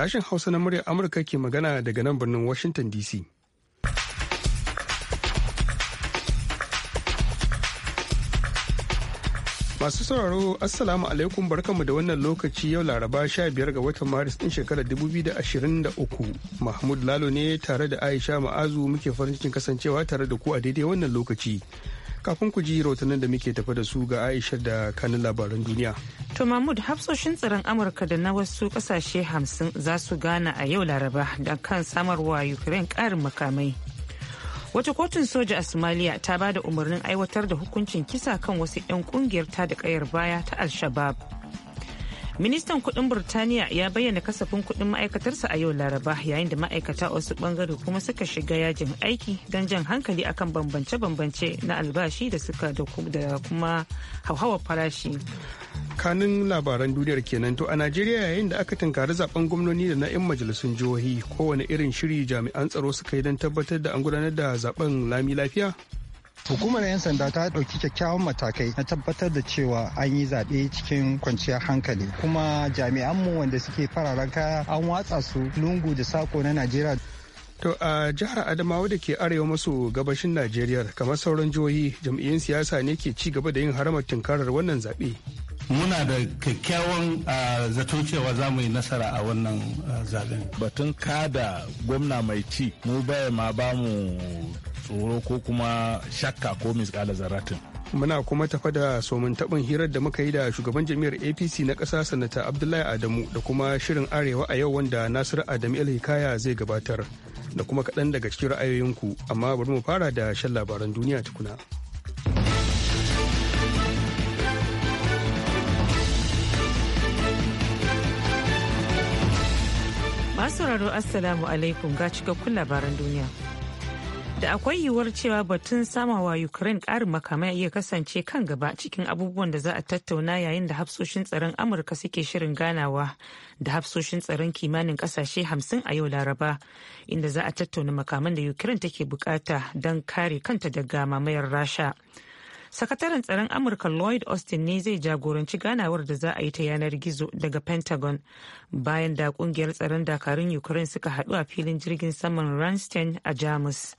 Sashen Hausa na muryar Amurka ke magana daga nan birnin Washington DC. Masu sauraro Assalamu alaikum barkanmu da wannan lokaci yau Laraba 15 ga watan Maris din shekarar 2023. Mahmud Lalo ne tare da Aisha Ma'azu muke farin cikin kasancewa tare da ku a daidai wannan lokaci. kafin ku ji rahotannin da muke tafa da su ga aisha da kanin labaran duniya to mahmud hafsoshin tsaron amurka da na wasu kasashe hamsin za su gana a yau laraba da kan samarwa ukraine karin makamai wata kotun soja a somalia ta ba da umarnin aiwatar da hukuncin kisa kan wasu 'yan kungiyar ta da kayar baya ta al-shabab ministan kudin burtaniya ya bayyana kasafin kudin ma'aikatarsa a yau laraba yayin da ma'aikata a wasu bangare kuma suka shiga yajin aiki don jan hankali akan bambance-bambance na albashi da suka da kuma hauhawar farashi kanin labaran duniyar kenan to a najeriya yayin da aka tunkari zaben gwamnoni da na 'yan majalisun jihohi kowane irin shiri jami'an tsaro suka yi don tabbatar da an gudanar da zaben lami lafiya Hukumar 'yan sanda ta ɗauki kyakkyawan matakai na tabbatar da cewa an yi zaɓe cikin kwanciyar hankali. Kuma jami'anmu wanda suke fararen kaya an watsa su lungu da sako na Najeriya. To a jihar Adamawa da ke arewa maso gabashin Najeriya kamar sauran jihohi jam'iyyun siyasa ne ke ci gaba da yin haramar tunkarar wannan zaɓe. muna da kyakkyawan zato cewa za mu yi nasara a wannan zaben. Batun kada gwamna mai ci mu baya ma ba mu tsoro ko kuma shakka ko misƙala zaratin. Muna kuma tafa da somin taɓin hirar da muka yi da shugaban jami'ar APC na ƙasa sanata Abdullahi Adamu da kuma shirin Arewa a yau wanda Nasiru Adamu Hikaya zai gabatar da kuma kaɗan daga cikin ra'ayoyinku amma bari mu fara da shan labaran duniya tukuna. Masu raro Assalamu alaikum ga cikakkun labaran duniya. da akwai yiwuwar cewa batun samawa ukraine karin makamai iya kasance kan gaba cikin abubuwan da za a tattauna yayin da hafsoshin tsaron amurka suke shirin ganawa da hafsoshin tsaron kimanin kasashe hamsin a yau laraba inda za a tattauna makaman da ukraine take bukata don kare kanta daga mamayar rasha sakataren tsaron amurka lloyd austin ne zai jagoranci ganawar da za a yi ta yanar gizo daga pentagon bayan da kungiyar tsaron dakarun ukraine suka haɗu a filin jirgin saman ranstein a jamus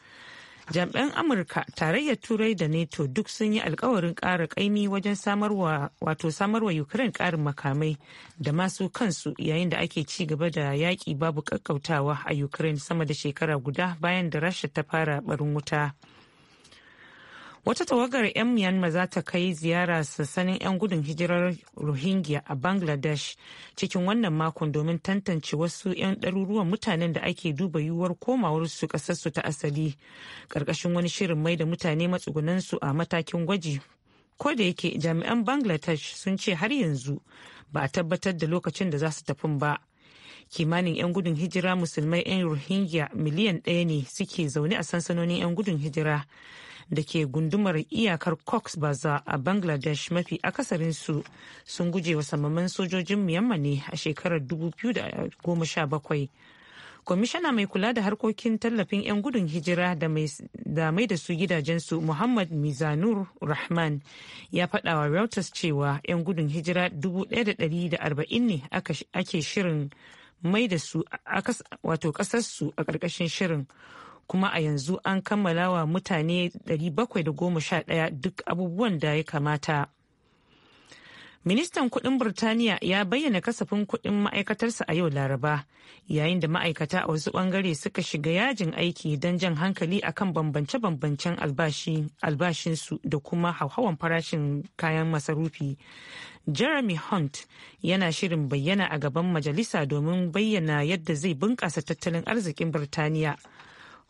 jami'an amurka tarayyar turai da nato duk sun yi alkawarin ƙara ƙaimi wajen samarwa wato ukraine ƙarin makamai da masu kansu yayin da ake ci gaba da yaƙi babu ƙaƙƙautawa a ukraine sama da shekara guda bayan da rasha ta fara barin wuta. Wata tawagar 'yan Myanmar za ta kai ziyara sassanin 'yan gudun hijirar Rohingya a Bangladesh cikin wannan makon domin tantance wasu 'yan ɗaruruwan mutanen da ake duba yiwuwar su ƙasarsu ta asali ƙarƙashin wani shirin mai da mutane matsugunansu a matakin gwaji. Ko da yake jami'an Bangladesh sun ce har yanzu ba a tabbatar da lokacin da za su tafin ba. kimanin 'yan gudun hijira musulmai 'yan rohingya miliyan ɗaya ne suke zaune a sansanonin 'yan gudun hijira da ke gundumar iyakar cox baza a bangladesh mafi akasarinsu sun guje wa samaman sojojin myanmar ne a shekarar 2017 kwamishana mai kula da harkokin tallafin 'yan gudun hijira da mai da su gidajensu muhammad mizanur rahman ya fada wa reuters cewa 'yan gudun hijira 1,140 ne ake shirin mai da su wato ƙasarsu a ƙarƙashin shirin kuma a yanzu an kammala wa mutane 711 duk abubuwan da ya kamata. Ministan kudin Burtaniya ya bayyana kasafin kudin ma'aikatarsa a yau Laraba, yayin da ma'aikata a wasu bangare suka shiga yajin aiki don jan hankali akan bambance-bambancen albashinsu da kuma hauhawan farashin kayan masarufi. Jeremy Hunt yana shirin bayyana a gaban majalisa domin bayyana yadda zai bunƙasa tattalin arzikin Burtaniya.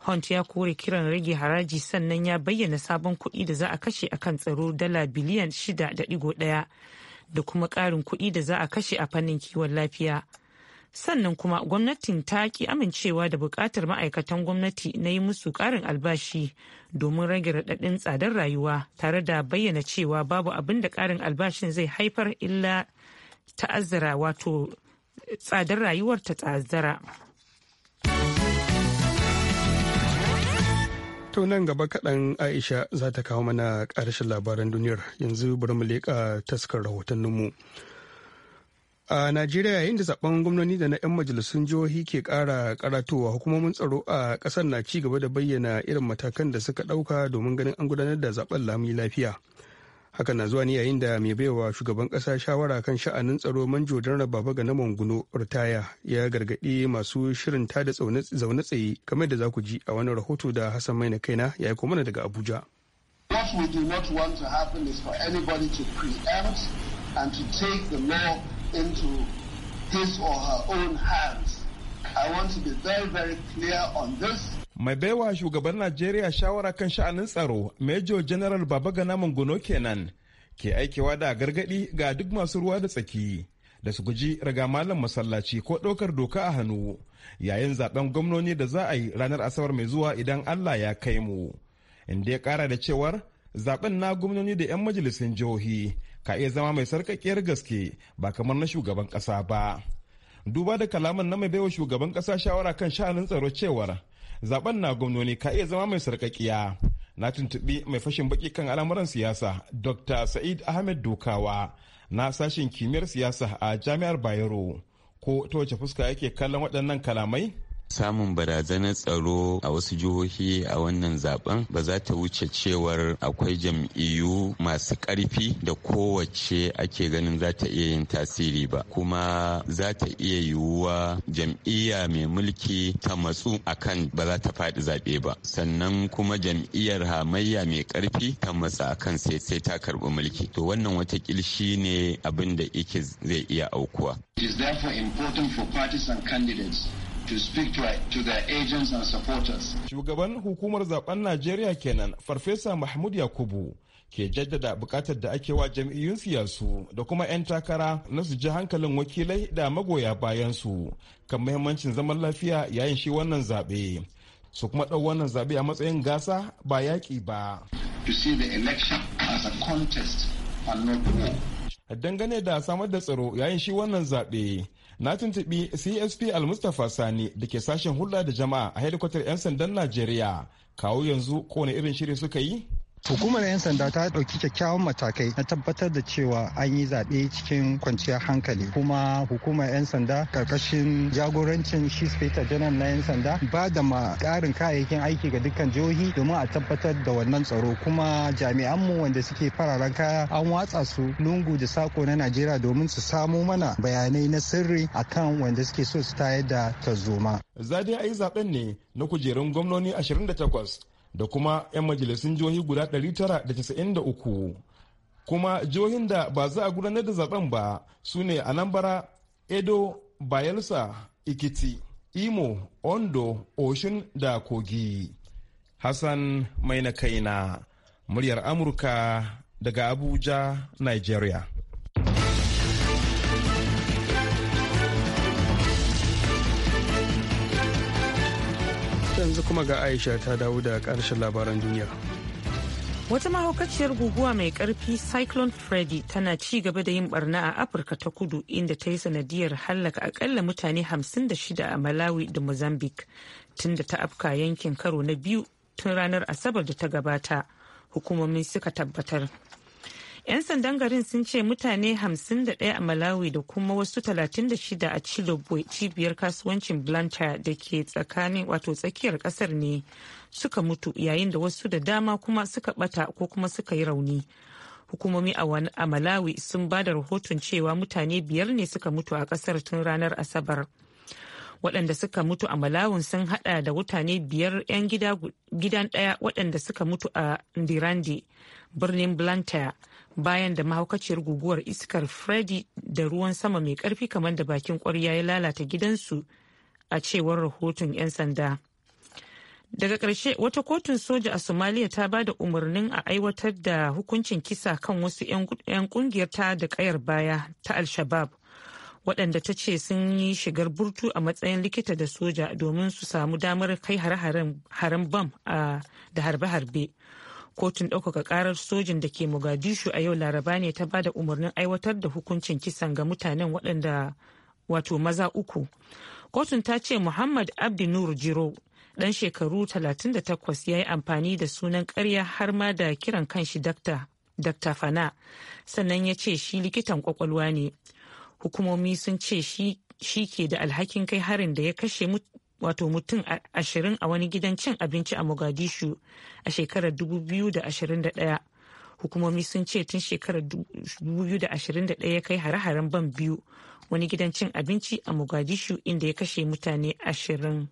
Hunt ya kore kiran rage haraji sannan ya bayyana sabon kuɗi da za a kashe a kan tsaro dala biliyan shida da da kuma ƙarin kuɗi da za a kashe a fannin kiwon lafiya. Sannan kuma gwamnatin ta ki amincewa da buƙatar ma'aikatan gwamnati na yi musu ƙarin albashi domin rage raɗaɗin tsadar rayuwa tare da bayyana cewa babu abin da ƙarin albashin zai haifar illa ta'azzara wato tsadar rayuwar ta ta'azzara. To nan gaba kaɗan Aisha za ta kawo mana ƙarshen labaran duniyar yanzu bari mu leƙa taskar rahotanninmu. A Najeriya yayin da zaben gwamnoni da na 'yan majalisun jihohi ke ƙara karatowa hukumomin tsaro a ƙasar na ci gaba da bayyana irin matakan da suka ɗauka domin ganin an gudanar da zaben lami lafiya. hakan na zuwa ne yayin da mai baiwa shugaban kasa shawara kan sha'anin tsaro manjo don baba ga na manguno ritaya ya gargadi masu shirin tada zaune tsaye kamar da za ku ji a wani rahoto da hassan mai na kaina ya yi mana daga abuja What we not want to happen for anybody to preempt and to take the law into his or her own hands. I want to be very, very clear on this. mai baiwa shugaban najeriya shawara kan sha'anin tsaro major general babagana mangono kenan ke aikewa da gargadi ga duk masu ruwa da tsaki da su guji raga malam masallaci ko ɗaukar doka a hannu yayin zaben gwamnoni da za a yi ranar asabar mai zuwa idan allah ya kai mu inda ya ƙara da cewar zaben na gwamnoni da 'yan majalisun jihohi ka iya zama mai sarƙaƙiyar gaske ba kamar na shugaban ƙasa ba duba da kalaman na mai baiwa shugaban ƙasa shawara kan sha'anin tsaro cewar zaben na gwamnoni ka iya zama mai sarkakiya na tuntuɓi mai fashin baki kan al'amuran siyasa dr sa'id ahmed dokawa na sashen kimiyyar siyasa a jami'ar bayero ko ta wace fuska yake kallon waɗannan kalamai samun barazanar tsaro a wasu jihohi a wannan zaben ba za ta wuce cewar akwai jam'iyyu masu ƙarfi da kowace ake ganin za ta iya yin tasiri ba kuma za ta iya yiwuwa jam'iyya mai mulki ta matsu a kan ba za ta faɗi zaɓe ba sannan kuma jam'iyyar hamayya mai ƙarfi ta matsa a kan sai sai ta karɓi mulki to wannan wata kilshi ne abin da ike zai iya aukuwa. It is therefore important for parties and candidates to speak to, to their agents and supporters. Shugaban hukumar zaben Najeriya kenan Farfesa Mahmud Yakubu ke jaddada bukatar da ake wa jam'iyyun siyasu da kuma 'yan takara na su ji hankalin wakilai da magoya bayansu kan mahimmancin zaman lafiya yayin shi wannan zaɓe. su kuma ɗau wannan zaɓe a matsayin gasa ba yaƙi ba. To see the election as a contest and not war. Dangane da samar da tsaro yayin shi wannan zaɓe na tuntubi csp almustapha sani da ke sashen hulɗa da jama'a a hedikwatar 'yan sandan najeriya kawo yanzu kowane irin shiri suka yi Hukumar 'yan sanda ta ɗauki kyakkyawan matakai na tabbatar da cewa an yi zaɓe cikin kwanciyar hankali kuma hukumar 'yan sanda ƙarƙashin jagorancin shi speta janar na 'yan sanda ba da ma ƙarin kayayyakin aiki ga dukkan jihohi domin a tabbatar da wannan tsaro kuma jami'anmu wanda suke fararen kaya an watsa su lungu da sako na Najeriya domin su samo mana bayanai na sirri akan wanda suke so su tayar da tarzoma. Zadi a yi zaɓen ne na kujerun gwamnoni 28 da kuma 'yan majalisun jihohi guda 993 kuma jihohin da ba za a gudanar da zaben ba su ne anambra edo bayelsa ikiti imo ondo oshin da kogi hassan mai na kaina muryar amurka daga abuja nigeria yanzu kuma ga Aisha ta dawo da ƙarshen labaran duniya. Wata mahaukaciyar guguwa mai ƙarfi Cyclone Freddy tana ci gaba da yin barna a Afirka ta kudu inda ta yi sanadiyar hallaka akalla mutane 56 a Malawi da Mozambique tunda ta afka yankin karo na biyu tun ranar Asabar da ta gabata hukumomi suka tabbatar. 'Yan sandan garin sun ce mutane 51 a Malawi da kuma wasu 36 a Chilobo cibiyar kasuwancin blanta da ke tsakanin wato tsakiyar kasar ne suka mutu yayin da wasu da dama kuma suka bata ko kuma suka yi rauni. Hukumomi a Malawi sun ba da rahoton cewa mutane biyar ne suka mutu a kasar tun ranar Asabar. waɗanda suka mutu a malawin sun hada da mutane biyar 'yan gidan ɗaya waɗanda suka mutu a Ndirandi birnin Blantyre bayan da mahaukaciyar guguwar iskar freddy da ruwan sama mai karfi kamar da bakin kwarya ya lalata gidansu a cewar rahoton 'yan sanda daga ƙarshe wata kotun soja a somaliya ta ba da umarnin a aiwatar da hukuncin kisa kan wasu 'yan kungiyar ta da kayar baya ta al-shabab waɗanda ta ce sun yi shigar burtu a matsayin likita da soja domin su samu damar kai har haren bam da harbe-harbe kotun ɗaukaka karar sojin da ke mogadishu a yau laraba ne ta bada umarnin aiwatar da hukuncin kisan ga mutanen waɗanda wato maza uku kotun ta ce muhammad abdi nur jiro ɗan shekaru 38 ya yi amfani da sunan karya har ma da kiran kanshi dakta fana sannan ya ce shi likitan kwakwalwa ne hukumomi sun ce shi ke da alhakin kai harin da ya kashe wato mutum ashirin a wani gidan cin abinci a mogadishu a shekarar 2021 hukumomi sun ce tun shekarar 2021 ya kai hare-haren ban biyu wani gidan cin abinci a mogadishu inda ya kashe mutane ashirin.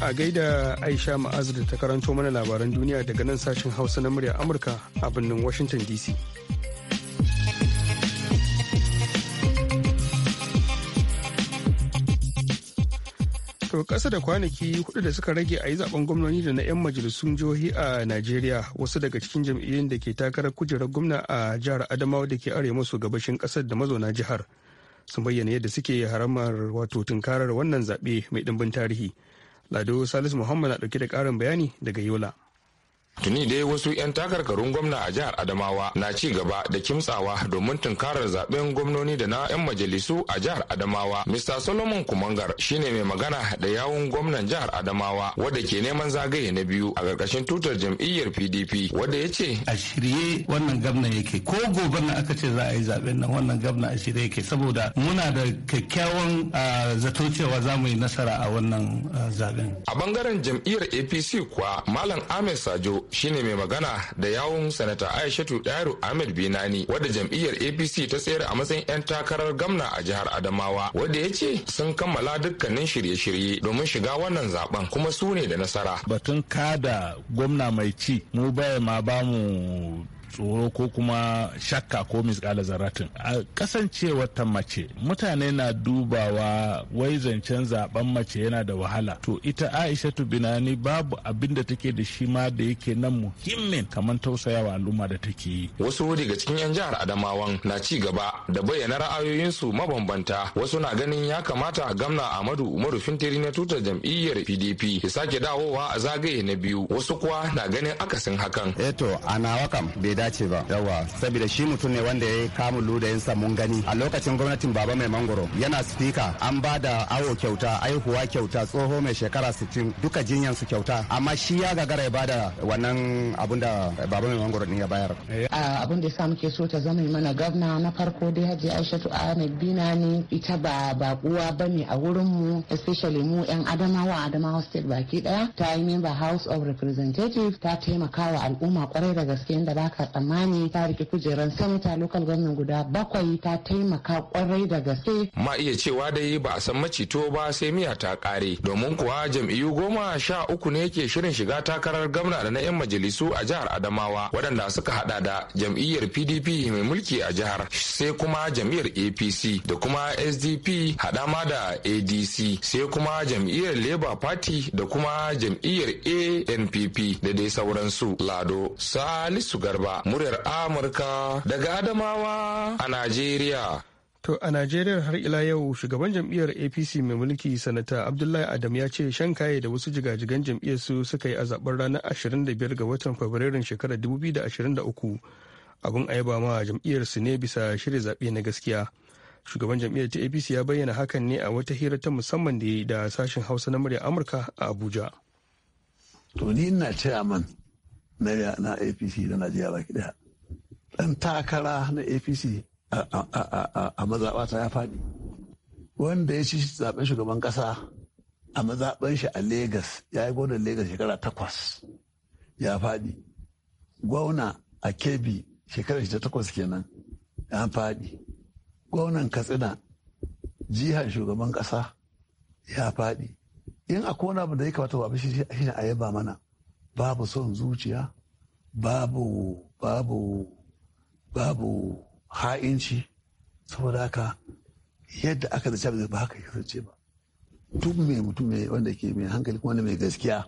a gaida aisha ma'azu da ta karanto mana labaran duniya daga nan sashen hausa na murya amurka a birnin washington dc To kasa da kwanaki hudu da suka rage a yi zaben gwamnoni da na 'yan majalisun jihohi a Najeriya wasu daga cikin jam'iyyun da ke takarar kujerar gwamna a jihar Adamawa da ke arewa maso gabashin kasar da mazauna jihar sun bayyana yadda suke haramar wato tunkarar wannan zaɓe mai ɗimbin tarihi. Lado Salisu Muhammad na ɗauke da ƙarin bayani daga Yola. Tuni dai wasu 'yan takarkarun gwamna a jihar Adamawa na ci gaba da kimtsawa domin tunkarar zaben gwamnoni da na 'yan majalisu a jihar Adamawa. Mr. Solomon Kumangar shine mai magana da yawun gwamnan jihar Adamawa wadda ke neman zagaye na biyu a ƙarƙashin tutar jam'iyyar PDP wadda ya ce. A shirye wannan gwamna yake ko gobe na aka ce za a yi zaben nan wannan gwamna a shirye yake saboda muna da kyakkyawan zato cewa za mu yi nasara a wannan zaben. A bangaren jam'iyyar APC kuwa Malam Ahmed Sajo shine mai magana da yawun sanata aishatu dairu ahmed binani wadda jam'iyyar apc ta tsayar a matsayin 'yan takarar gamna a jihar adamawa wadda ya ce sun kammala dukkanin shirye-shirye domin shiga wannan zaben kuma su ne da nasara batun kada gwamna mai ci mu baya ma bamu. tsoro ko kuma shakka ko misƙala zaratin a kasancewar ta mace mutane na dubawa wai zancen zaben mace yana da wahala to ita aisha binani babu abin da take da shi ma da yake nan muhimmin kamar tausayawa al'umma da take yi wasu daga cikin yan jihar adamawan na ci gaba da bayyana ra'ayoyinsu mabambanta wasu na ganin ya kamata gamna amadu umaru fintiri na tutar jam'iyyar pdp ya sake dawowa a zagaye na biyu wasu kuwa na ganin akasin hakan eto eh ana wakam dace ba yawa saboda shi mutum ne wanda ya kamun yin mun gani a lokacin gwamnatin baba mai mangoro yana spika an ba da awo kyauta aihuwa kyauta tsoho mai shekara 60 duka jinyan su kyauta amma shi ya gagara ya bada wannan abun da baba mai mangoro ya bayar abun da ya samu muke so ta zama mana gwamna na farko dai hajji aishatu ahmed bina ne ita ba bakuwa bane a wurin mu especially mu yan adamawa adamawa state baki daya ta yi member house of representative ta taimaka wa al'umma kwarai da gaske inda baka tsammani ta rike kujeran sanata lokal gwamnan guda bakwai ta taimaka kwarai da gaske. Ma iya cewa dai ba a san macito ba sai miya ta kare domin kuwa jam'iyyu goma sha uku ne ke shirin shiga takarar gwamna da na 'yan majalisu a jihar Adamawa waɗanda suka hada da jam'iyyar PDP mai mulki a jihar sai kuma jam'iyyar APC da kuma SDP hada ma da ADC sai kuma jam'iyyar Labour Party da kuma jam'iyyar ANPP da dai sauransu. Lado Salisu Garba muryar Amurka daga Adamawa a Najeriya. To a Najeriya har ila yau shugaban jam'iyyar APC mai mulki sanata Abdullahi Adam ya ce shan kaye da wasu jigajigan jam'iyyar su suka yi a zaben ranar 25 ga watan Fabrairun shekarar 2023 abin ayaba ma jam'iyyar su ne bisa shirya zaɓe na gaskiya. Shugaban jam'iyyar ta APC ya bayyana hakan ne a wata hira ta musamman da ya yi da sashen Hausa na murya Amurka a Abuja. To ni ina man. na apc na najeriya baki daya dan takara na apc a mazaɓata ya faɗi wanda ya ci zaɓen shugaban ƙasa a mazaɓen shi a Legas ya yi gwamnan Legas shekara takwas ya faɗi. Gwamna a Kebbi shekara shi ta takwas kenan ya faɗi. Gwamnan Katsina jihar shugaban ƙasa ya faɗi. In a kona da ya kamata wa shi shi a yaba mana. babu son zuciya babu babu babu ha'inci saboda haka yadda aka zace ba haka kasance ba duk mai mutum wanda ke mai hankali kuma mai gaskiya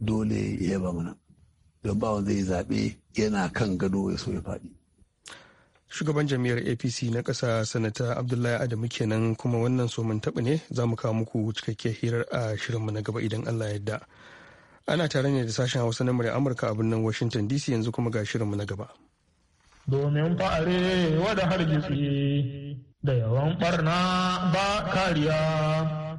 dole ya yaba mana don ba wanda zai zaɓe yana kan gado ya so ya faɗi shugaban jami'ar apc na ƙasa sanata abdullahi adamu kenan kuma wannan somin taɓa ne za mu kawo muku cikakkiyar hirar a shirinmu na gaba idan allah ya yarda ana tare ne da sashen hausa na murya amurka a birnin washington dc yanzu kuma ga shirinmu na gaba domin fa'are wada hargitsi da yawan barna ba kariya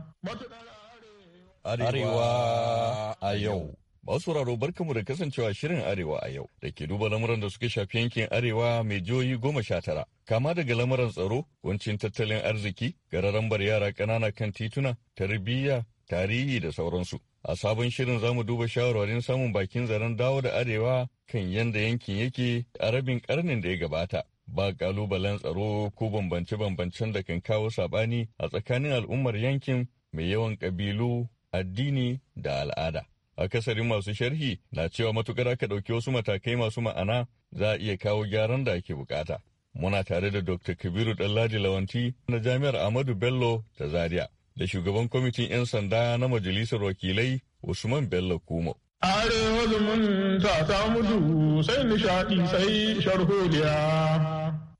arewa a yau Masu raro barkamu da kasancewa shirin Arewa a yau da ke duba lamuran da suka shafi yankin Arewa mai jihohi goma sha tara. Kama daga lamuran tsaro, kuncin tattalin arziki, bar yara ƙanana kan tituna, tarbiyya, tarihi da sauransu. A sabon shirin za mu duba shawarwarin samun bakin zaren dawo da arewa kan yadda yankin yake a rabin karnin da ya gabata. Ba kalubalen tsaro ko bambance-bambancen da kan kawo saɓani a tsakanin al'ummar yankin mai yawan ƙabilu, addini da al'ada. Akasarin masu sharhi na cewa matukar aka ɗauki wasu matakai masu ma'ana za a iya kawo gyaran da ake bukata. Muna tare da Dr. Kabiru Ɗanladi Lawanti na Jami'ar amadu Bello ta Zaria. da shugaban kwamitin 'yan sanda na majalisar wakilai Usman Bello Kumo. Are zumunta ta mutu sai nishaɗi sai sharholiya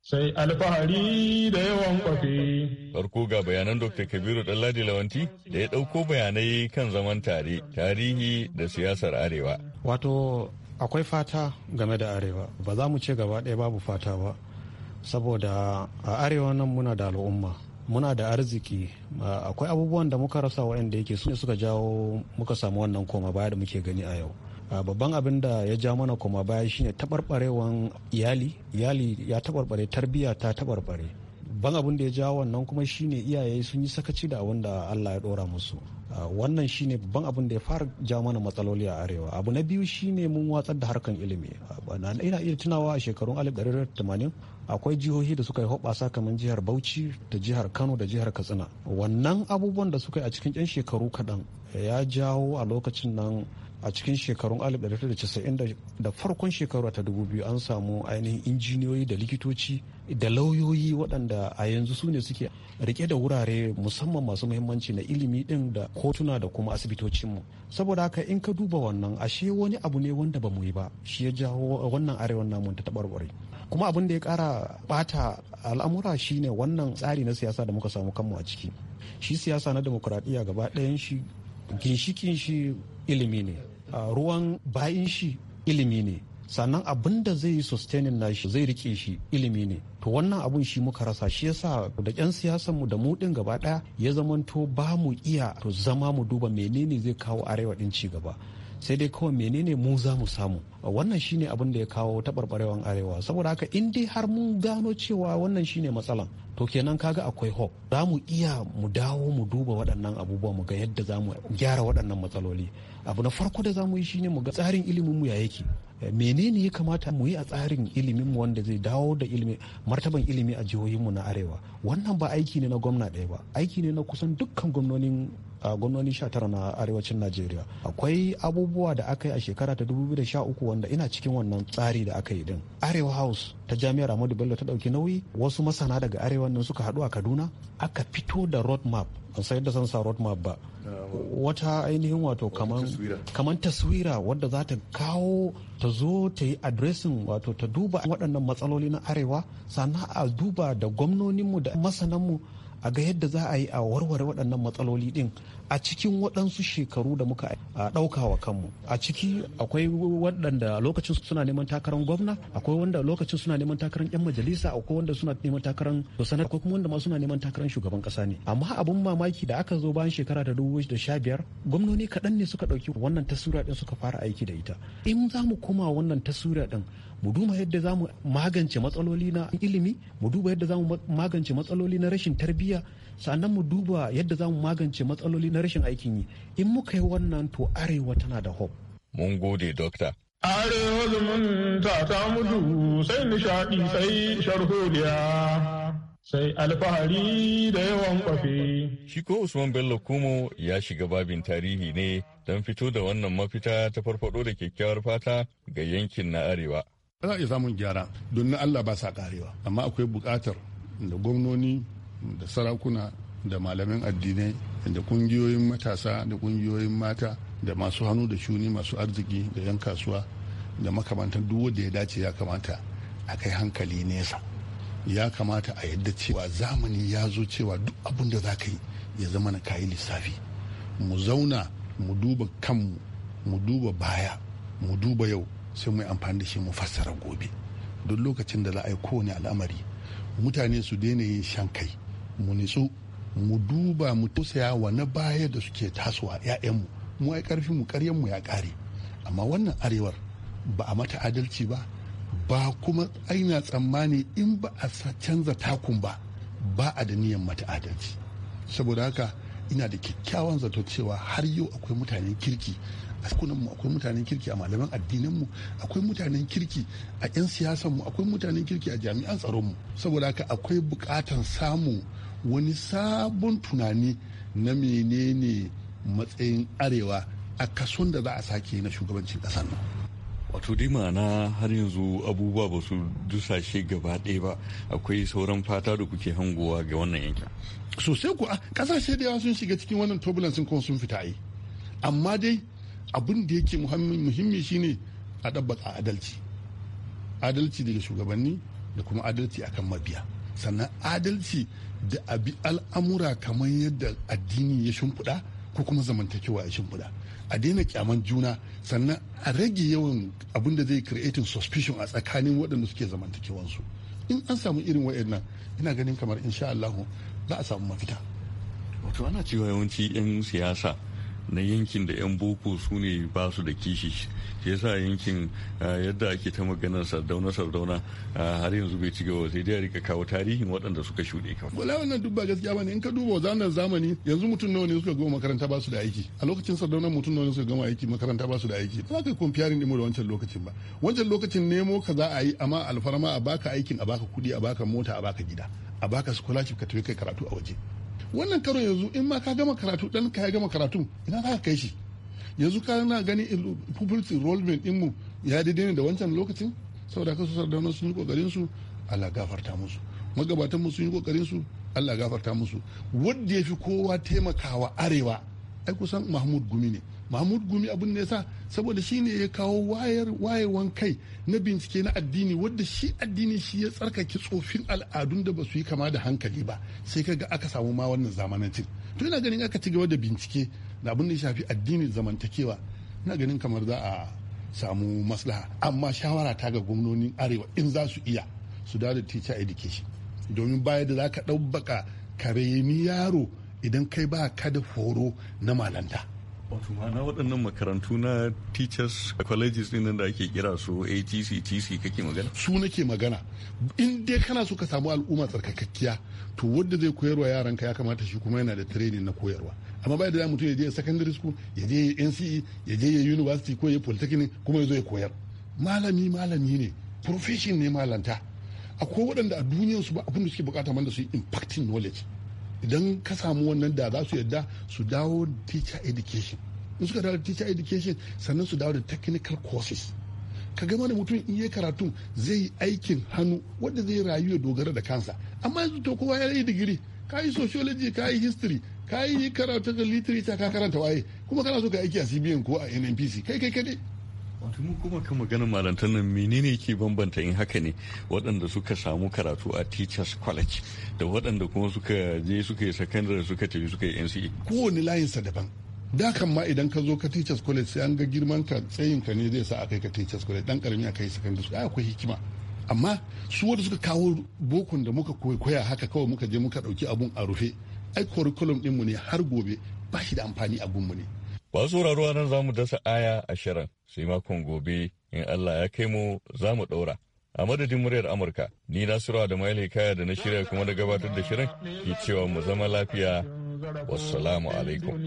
sai alfahari da yawan kwafe. Farko ga bayanan Dr. Kabiru Ɗanladi Lawanti da ya ɗauko bayanai kan zaman tare, tarihi da siyasar Arewa. Wato akwai fata game da Arewa, ba za mu ce gaba ɗaya babu fata ba, saboda a Arewa nan muna da al'umma. muna da arziki akwai abubuwan da muka rasa waɗanda yake su ne suka jawo muka samu wannan koma baya da muke gani a yau babban abin da ya ja mana koma baya shine taɓarɓarewan iyali iyali ya taɓarɓare tarbiyya ta taɓarɓare ban abin da ya ja wannan kuma shine iyaye sun yi sakaci da abin da allah ya ɗora musu wannan shine babban abin da ya fara ja mana matsaloli a arewa abu na biyu shine mun watsar da harkan ilimi ina iya tunawa a shekarun 1980 akwai jihohi da suka yi hoɓasa kamar jihar bauchi da jihar kano da jihar katsina wannan abubuwan da suka yi a cikin 'yan shekaru kaɗan ya jawo a lokacin nan a cikin shekarun 1990 da farkon shekaru ta 2000 an samu ainihin injiniyoyi da likitoci da lauyoyi waɗanda a yanzu su ne suke rike da wurare musamman masu muhimmanci na ilimi ɗin da kotuna da kuma asibitocinmu saboda haka in ka duba wannan ashe wani abu ne wanda ba mu yi ba shi ya jawo wannan arewan namun ta taɓarɓare kuma abin da ya kara. ɓata al'amura shine wannan tsari na siyasa da muka samu kanmu a ciki shi siyasa na demokuraɗiyya gaba ɗayan shi ginshikin shi ilimi ne ruwan bayan shi ilimi ne sannan abin da zai yi sustaining na shi zai rike shi ilimi ne to wannan abun shi muka rasa shi yasa da yan siyasan mu da mu din gaba daya ya zamanto ba mu iya to zama mu duba menene zai kawo arewa din ci gaba sai dai kawai menene mu za mu samu wannan shine abin da ya kawo taɓarɓarewan arewa saboda haka in dai har mun gano cewa wannan shine matsalan to kenan kaga akwai hope za mu iya mu dawo mu duba waɗannan abubuwa mu ga yadda za mu gyara waɗannan matsaloli abu na farko da za mu yi shine mu ga tsarin ilimin mu ya yake menene ya kamata mu yi a tsarin ilimin mu wanda zai dawo da ilimi martaban ilimi a jihohinmu na arewa wannan ba aiki ne na gwamna ɗaya ba aiki ne na kusan dukkan gwamnonin a gwamnoni 19 na arewacin najeriya akwai abubuwa da aka yi a shekara ta 2013 wanda ina cikin wannan tsari da aka yi din arewa house ta jami'ar amadu bello ta ɗauki nauyi wasu masana daga arewa nan suka haɗu a kaduna aka fito da road map ban da yadda san sa road map ba wata ainihin wato kaman taswira wadda za ta kawo ta zo ta yi adresin wato ta duba waɗannan matsaloli na arewa sannan a duba da gwamnoninmu da masananmu a ga yadda za a yi a warware waɗannan matsaloli ɗin a cikin waɗansu shekaru da muka ɗauka wa kanmu a ciki akwai waɗanda lokacin suna neman takarar gwamna akwai wanda lokacin suna neman takarar yan majalisa akwai wanda suna neman takarar sanar akwai kuma wanda ma suna neman takarar shugaban ƙasa ne amma abun mamaki da aka zo bayan shekara da dubu da sha biyar gwamnoni kaɗan ne suka ɗauki wannan taswira ɗin suka fara aiki da ita in za mu koma wannan taswira ɗin mu duba yadda za mu magance matsaloli na ilimi mu duba yadda za mu magance matsaloli na rashin tarbiyya sannan mu duba yadda za mu magance matsaloli na rashin aikin yi in muka yi wannan to arewa tana da hope. mun gode dokta arewa zumunta ta mudu sai nishaɗi sai sharholiya sai alfahari da yawan kwafe. Shi ko Usman Bello Kumo ya shiga babin tarihi ne don fito da wannan mafita ta farfado da kyakkyawar fata ga yankin na Arewa. Za a iya samun gyara don na Allah ba sa karewa, amma akwai bukatar da gwamnoni da sarakuna da malamin addinai da kungiyoyin matasa da kungiyoyin mata da masu hannu da shuni masu arziki da 'yan kasuwa da makamantan duk wanda ya dace ya kamata a kai hankali nesa ya kamata a yadda cewa zamani ya zo cewa duk abin da za ka yi ya zama na kayi lissafi mu zauna mu duba kanmu mu duba baya mu duba yau sai mu yi amfani da shi mu fassara gobe don lokacin da za a yi kowane al'amari mutane su daina yin shan kai mu nitsu mu duba mu tausaya wa na baya da suke tasowa 'ya'yanmu mu ai karfi mu karyan mu ya kare amma wannan arewar ba a mata adalci ba ba kuma aina tsammani in ba a canza takun ba ba a da niyan mata adalci saboda haka ina da kyakkyawan zato cewa har yau akwai mutanen kirki a mu akwai mutanen kirki a malaman addinanmu akwai mutanen kirki a 'yan siyasanmu akwai mutanen kirki a jami'an tsaronmu saboda haka akwai bukatan samu wani sabon tunani na menene matsayin arewa a kason da za a sake na shugabancin ƙasar nan wato dai ma'ana har yanzu abubuwa ba su dusashe gaba ɗaya ba akwai sauran fata da kuke hangowa ga wannan yankin sosai kuwa ƙasashe da yawa sun shiga cikin wannan turbulence kuma sun fita yi amma dai abin da yake muhimmi shine a ɗabbaka adalci adalci daga shugabanni da kuma adalci akan mabiya sannan adalci da abi al'amura kamar yadda addini ya shimfiɗa ko kuma zamantakewa ya shimfiɗa a daina kyaman juna sannan a rage yawan abin da zai creating suspicion a tsakanin waɗanda suke zamantakewansu in an samu irin wa'annan ina ganin kamar insha Allah za a samu mafita wato ana cewa yawanci 'yan siyasa na yankin da 'yan boko su ne ba su da kishi shi yasa yankin yadda ake ta maganar sardauna sardauna har yanzu bai ci gaba sai dai rika kawo tarihin waɗanda suka shuɗe kawai wala wannan duk ba gaskiya bane in ka duba zanen zamani yanzu mutum nawa ne suka goma makaranta ba su da aiki a lokacin sardauna mutum nawa ne suka gama aiki makaranta ba su da aiki ba ka kwamfiyarin da wancan lokacin ba wancan lokacin nemo ka za a yi amma alfarma a baka aikin a baka kuɗi a baka mota a baka gida a baka scholarship ka tafi kai karatu a waje wannan karo yanzu in ma ka gama karatu dan ka gama karatu ina za ka kai shi yanzu ka na gani pupilty enrollment din mu ya daidai ne da wancan lokacin saboda ka sosar da sun yi kokarin su Allah gafarta musu magabatan mu sun yi kokarin su Allah gafarta musu wanda ya fi kowa taimakawa arewa ai kusan Mahmud Gumi ne mahmud gumi abin da ya sa saboda shi ne ya kawo wayar wayewan kai na bincike na addini wadda shi addini shi ya tsarkake tsofin al'adun da ba su yi kama da hankali ba sai kaga aka samu ma wannan zamanancin to ina ganin aka ci gaba da bincike da abin da ya shafi addinin zamantakewa ina ganin kamar za a samu maslaha amma shawara ta ga gwamnonin arewa in za su iya su da teacher education domin baya da za ka ɗabbaka ka yaro idan kai ba ka da horo na malanta wato ma'ana waɗannan makarantu na teachers colleges ɗin da ake kira su atc tc kake magana su nake magana in dai kana so ka samu al'umma tsarkakakkiya to wanda zai koyarwa yaranka ya kamata shi kuma yana da training na koyarwa amma bai da mutum ya je secondary school ya je nce ya je university ko ya polytechnic kuma ya zo ya koyar malami malami ne profession ne malanta akwai waɗanda a duniyarsu ba abin da suke bukata man da su impacting knowledge idan ka samu wannan da za su yadda su dawo teacher education in suka dawo teacher education sannan su dawo da technical courses ka gama da mutum in yi karatu zai yi aikin hannu wanda zai rayu ya dogara da kansa amma yanzu to kowa ya yi digiri ka yi sociology ka yi history ka yi karatu ga literature ka karanta waye kuma kana so ka aiki a CBN ko a NNPC kai kai kai wato mu kuma kan maganar malantar nan menene ke bambanta in haka ne waɗanda suka samu karatu a teachers college da waɗanda kuma suka je suka yi secondary suka tafi suka yi nca e. kowane layinsa daban da kan ma idan ka zo ka teachers college sai an ga girman ka tsayin ka ne zai sa a kai ka teachers college dan karami a kai secondary school akwai hikima amma su wanda suka kawo bokun da muka koya haka kawai muka je muka dauki abun a rufe ai curriculum din mu ne har gobe ba shi da amfani a gunmu ne ba sauraro nan zamu dasa aya a ashirin sai makon gobe in Allah ya kai mu za mu ɗaura. A madadin muryar Amurka, ni Nasiru da Maile Kaya da na shirya kuma da gabatar da shirin ke cewa mu zama lafiya. Wassalamu alaikum.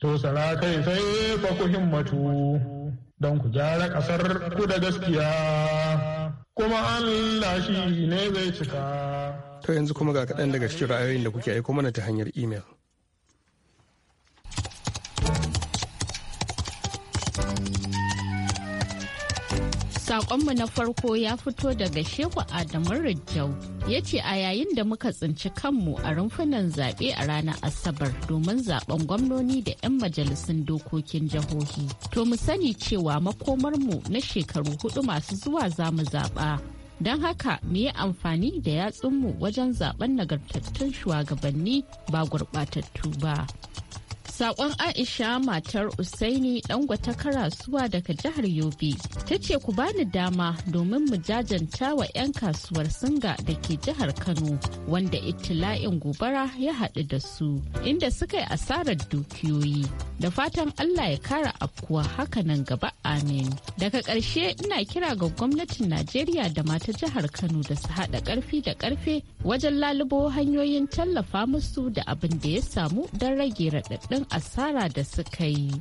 To sara kai sai fa ku himmatu don ku gyara ƙasar ku da gaskiya. Kuma Allah shi ne zai cika. To yanzu kuma ga kaɗan daga cikin ra'ayoyin da kuke aiko mana ta hanyar imel. Sakonmu na farko ya fito daga Shehu Adamu Rijau ya ce a yayin da muka tsinci kanmu a rumfunan zaɓe a ranar Asabar domin zaben gwamnoni da 'yan majalisun dokokin jihohi. To mu sani cewa makomarmu na shekaru hudu masu zuwa za mu zaɓa. Don haka mu yi amfani da yatsunmu wajen zaben nagartattun shugabanni ba gurɓatattu ba. Sakon Aisha matar Usaini dangwata karasuwa daga jihar Yobe ta ce ku bani dama domin mu jajanta wa 'yan kasuwar singa da ke jihar Kano wanda ittila'in gobara ya haɗu da su inda suka yi asarar dukiyoyi. Da fatan Allah ya kara afkuwa haka nan gaba amin. Daga ƙarshe ina kira ga gwamnatin Najeriya da mata jihar Kano da su haɗa ƙarfi da ƙarfe wajen lalubo hanyoyin tallafa musu da abin da ya samu don rage raɗaɗin asara da suka yi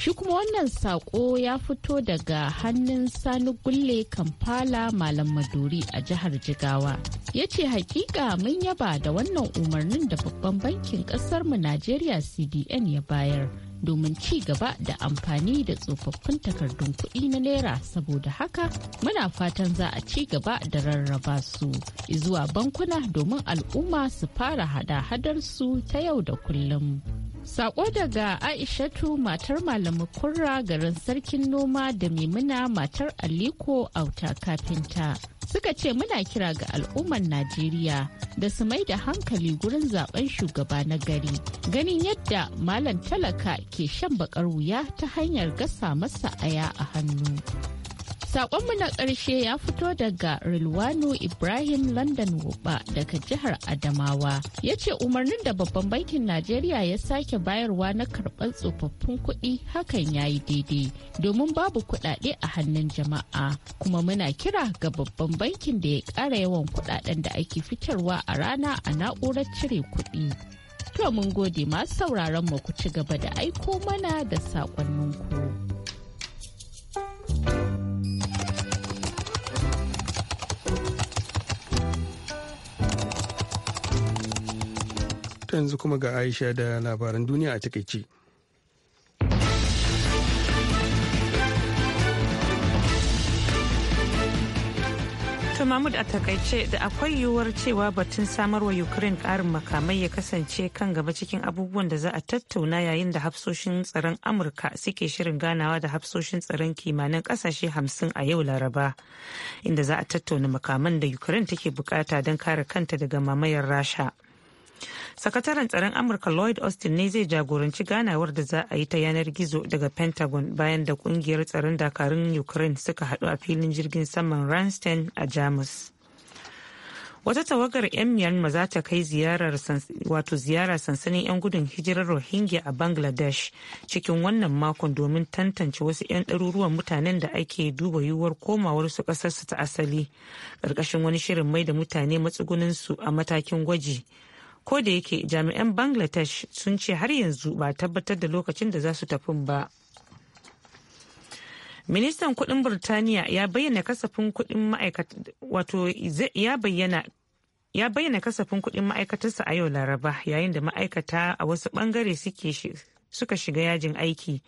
Shi kuma wannan sako ya fito daga hannun Sani Gulle Kamfala Malam Maduri a jihar Jigawa. Ya ce hakika mun yaba da wannan umarnin da babban bankin mu Najeriya CBN ya bayar domin ci gaba da amfani da tsofaffin takardun kuɗi na Naira saboda haka muna fatan za a ci gaba da rarraba su zuwa bankuna domin al'umma su fara hada-hadar su ta yau da kullum. Sako daga Aishatu matar Malamu Kurra garin Sarkin Noma da Mimuna matar Aliko Auta Kafinta. Suka ce muna kira ga al'ummar Najeriya da su mai da hankali gurin zaben shugaba na gari. Ganin yadda Malam Talaka ke shan bakar wuya ta hanyar gasa masa aya a hannu. Sakonmu na ƙarshe ya fito daga rilwano Ibrahim London Wuba daga jihar Adamawa. Ya ce umarnin da babban bankin Najeriya ya sake bayarwa na karɓar tsofaffin kuɗi hakan ya yi daidai domin babu kuɗaɗe a hannun jama'a. Kuma muna kira ga babban bankin da ya ƙara yawan kuɗaɗen da ake fitarwa a rana a na'urar cire kuɗi. To mun gode masu sauraron mu ku ci gaba da aiko mana da sakonninku. yanzu kuma ga aisha da labaran duniya a takaice. Dr. Mahmud a takaice da akwai yiwuwar cewa batun samarwa Ukraine karin makamai ya kasance kan gaba cikin abubuwan da za a tattauna yayin da hafsoshin tsaron Amurka suke shirin ganawa da hafsoshin tsaron kimanin kasashe hamsin a yau Laraba, inda za a tattauna makaman da Ukraine take bukata don kare kanta daga mamayar Rasha. sakataren tsaron amurka lloyd austin ne zai jagoranci ganawar da za a yi ta yanar gizo daga pentagon bayan da kungiyar tsaron dakarun ukraine suka hadu a filin jirgin saman ranstein a jamus wata tawagar 'yan myanmar za ta kai wato ziyara sansanin 'yan gudun hijirar rohingya a bangladesh cikin wannan makon domin tantance wasu 'yan ɗaruruwan mutanen da ake duba yiwuwar su ƙasarsu ta asali ƙarƙashin wani shirin mai da mutane matsugunansu a matakin gwaji ko da yake jami'an bangladesh sun ce har yanzu ba tabbatar da lokacin da za su tafin ba ministan kudin burtaniya ya bayyana kasafin kudin ma'aikata kasafin kudin ma'aikatarsa a yau laraba yayin da ma'aikata a wasu bangare suka shiga yajin aiki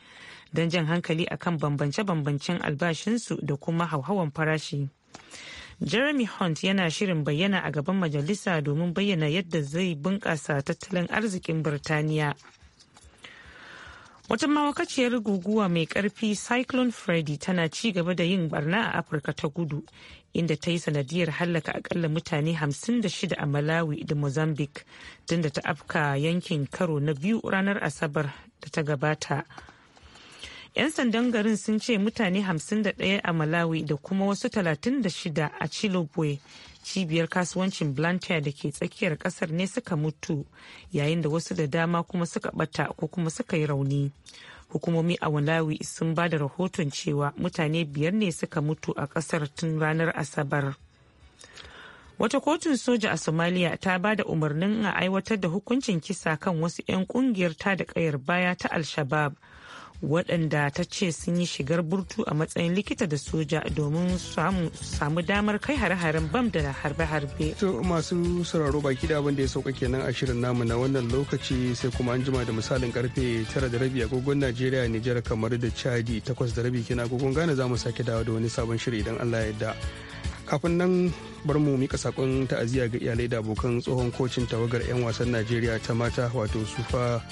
don jan hankali akan bambance-bambancen albashinsu da kuma hauhawan farashi jeremy hunt yana shirin bayyana a gaban majalisa domin bayyana yadda zai bunƙasa tattalin arzikin birtaniya wata mawakaciyar guguwa mai ƙarfi cyclone freddy tana ci gaba da yin barna a afirka ta gudu inda ta yi sanadiyar hallaka akalla mutane 56 a malawi da mozambique tunda ta afka yankin karo na biyu ranar asabar da ta gabata 'Yan sandan garin sun ce mutane 51 a Malawi da kuma wasu 36 a Chilobwe. Cibiyar kasuwancin Blantyre da ke tsakiyar kasar ne suka mutu yayin da wasu da dama kuma suka bata ko kuma suka yi rauni. Hukumomi a Malawi sun ba da rahoton cewa mutane biyar ne suka mutu a kasar tun ranar Asabar. Wata kotun soja a Somalia ta ba da umarnin a aiwatar da hukuncin kisa kan wasu 'yan kungiyar ta da kayar baya ta Al-Shabaab waɗanda ta ce sun yi shigar burtu a matsayin likita da soja domin samu damar kai hare-haren bam da harbe-harbe. To masu sauraro baki da abin da ya sauka kenan a shirin namu na wannan lokaci sai kuma an jima da misalin karfe tara da rabi agogon Najeriya Nijar kamar da Chadi takwas da rabi kenan agogon Ghana za mu sake dawo da wani sabon shiri idan Allah ya yarda. Kafin nan bar mu mika sakon ta'aziyya ga iyalai da abokan tsohon kocin tawagar 'yan wasan Najeriya ta mata wato Sufa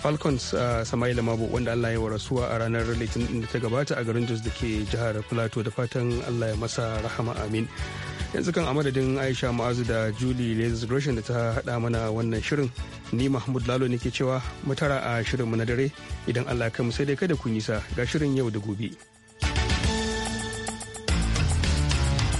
falcons uh, samaila mabu wanda allah ya wa rasuwa a ranar litinin da ta gabata a garin jos da ke jihar plateau da fatan allah ya masa rahama amin yanzu kan a aisha ma'azu da julie les gresham da ta hada mana wannan shirin ni mahmud lalo ne ke cewa mutara a shirinmu na dare idan allah ya kai mu sai dai kada ku nisa ga shirin yau da gobe.